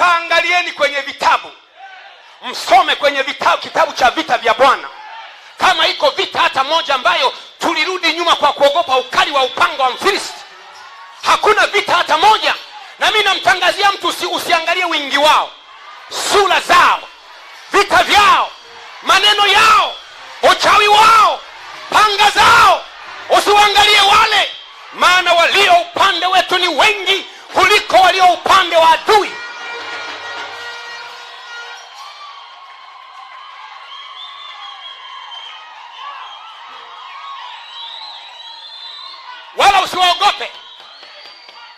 kaangalieni kwenye vitabu, msome kwenye vitabu, kitabu cha vita vya Bwana kama iko vita hata moja ambayo tulirudi nyuma kwa kuogopa ukali wa upanga wa Mfilisti. Hakuna vita hata moja, na mi namtangazia mtu usi, usiangalie wingi wao, sura zao, vita vyao, maneno yao, uchawi wao, panga zao, usiwaangalie wale, maana walio upande we usiwaogope siwaogope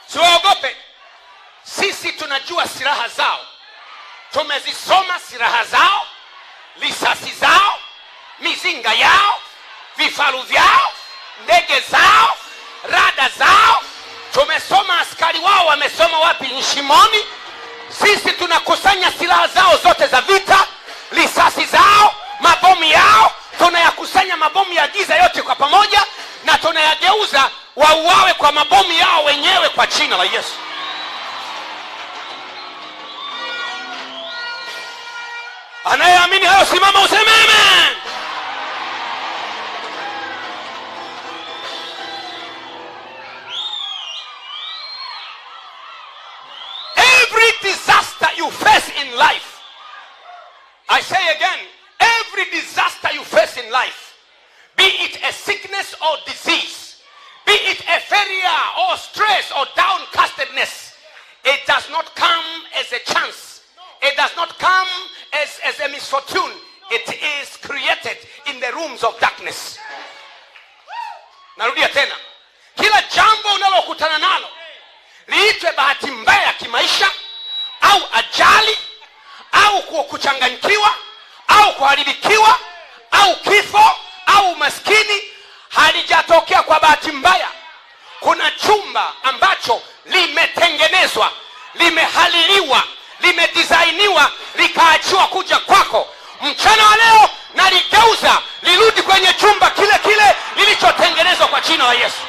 siwaogope sisi tunajua silaha zao tumezisoma silaha zao risasi zao mizinga yao vifaru vyao ndege zao rada zao tumesoma askari wao wamesoma wapi nshimoni sisi tunakusanya silaha zao zote za vita risasi zao mabomu yao tunayakusanya mabomu ya giza yote kwa pamoja na tunayageuza wauawe kwa mabomu yao wenyewe kwa jina la Yesu. Anayeamini hayo, simama useme amen. Every disaster you face in life, I say again, every disaster you face in life, be it a sickness or disease. failure or stress or downcastedness, it does not come as a chance. It does not come as, as a misfortune. It is created in the rooms of darkness. Narudia tena, kila jambo unalokutana nalo liitwe bahati mbaya ya kimaisha au ajali au kuchanganyikiwa au kuharibikiwa au kifo au maskini halijatokea kwa bahati mbaya kuna chumba ambacho limetengenezwa limehaliliwa limedisainiwa likaachiwa kuja kwako mchana wa leo naligeuza lirudi kwenye chumba kile kile lilichotengenezwa kwa jina la yesu